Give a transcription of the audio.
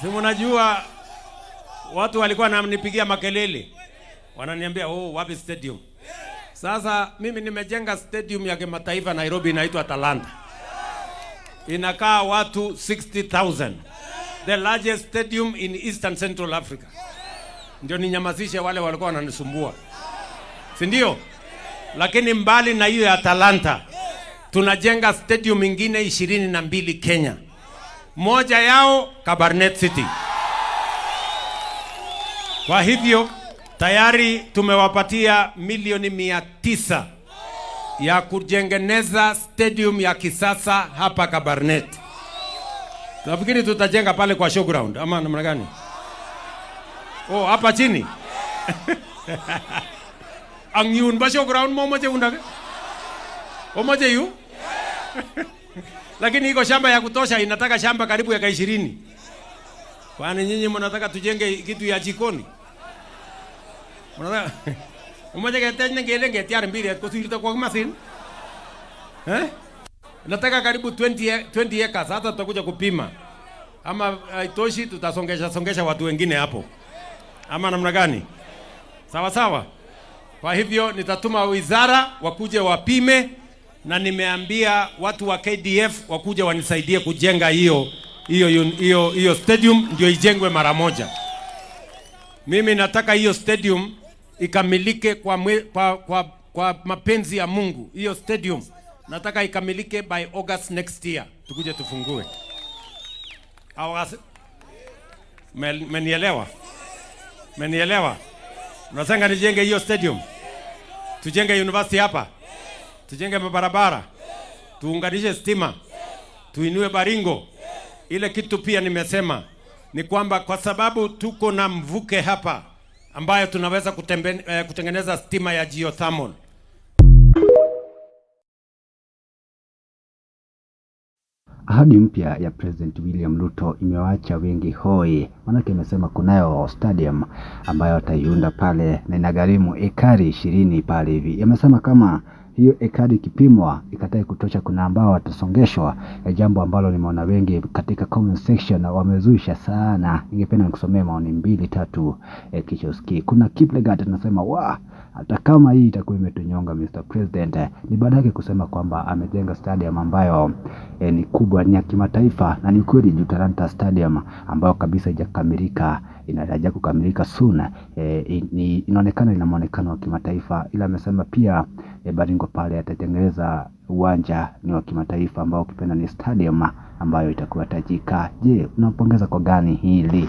Si mnajua watu walikuwa wananipigia makelele, wananiambia oh, wapi stadium? Sasa mimi nimejenga stadium ya kimataifa Nairobi, inaitwa Talanta, inakaa watu 60,000 the largest stadium in Eastern Central Africa. Ndio ninyamazishe wale walikuwa wananisumbua, si ndio? Lakini mbali na hiyo ya Talanta, tunajenga stadium ingine ishirini na mbili Kenya moja yao Cabernet City. Kwa hivyo tayari tumewapatia milioni mia tisa ya kujengeneza stadium ya kisasa hapa Cabernet. Nafikiri tutajenga pale kwa showground ama namna gani? Oh, hapa chini. Ang yun ba showground mo mo unda? O mo yu? lakini iko shamba ya kutosha, inataka shamba karibu ya ishirini. Kwani nyinyi mnataka tujenge kitu ya jikoni? umoja kete nyingi ile ngeti ya mbili kwa kwa masin. Eh? Nataka karibu 20 20 e- acres hata tutakuja kupima. Ama uh, haitoshi tutasongesha songesha watu wengine hapo. Ama namna gani? Sawa sawa. Kwa hivyo nitatuma wizara wakuje wapime na nimeambia watu wa KDF wakuja wanisaidie kujenga hiyo hiyo hiyo hiyo stadium ndio ijengwe mara moja. Mimi nataka hiyo stadium ikamilike kwa, mwe, kwa, kwa, kwa mapenzi ya Mungu. Hiyo stadium nataka ikamilike by August next year, tukuje tufungue. Menielewa? Menielewa? Unasenga nijenge hiyo stadium, tujenge university hapa tujenge mabarabara, tuunganishe stima, tuinue Baringo. Ile kitu pia nimesema ni kwamba kwa sababu tuko na mvuke hapa ambayo tunaweza kutembe, eh, kutengeneza stima ya geothermal. Ahadi mpya ya President William Ruto imewaacha wengi hoi, manake imesema kunayo stadium ambayo ataiunda pale na inagharimu ekari ishirini pale hivi. Imesema kama hiyo ekadi ikipimwa ikatai kutosha, kuna ambao watasongeshwa, eh, jambo ambalo nimeona wengi katika comment section wamezusha sana. Ningependa nikusomee maoni mbili tatu. Eh, kichoski kuna Kiplegat anasema wa hata kama hii itakuwa imetunyonga Mr. President, ni baada yake kusema kwamba amejenga stadium ambayo eh, ni kubwa, ni ya kimataifa na ni kweli juu Talanta Stadium ambayo kabisa haijakamilika inatarajia kukamilika soon. Eh, in, inaonekana ina muonekano wa kimataifa, ila amesema pia eh, Baringo pale atatengeneza uwanja ni wa kimataifa ambao ukipenda ni stadium ambayo itakuwa tajika. Je, unampongeza kwa gani hili?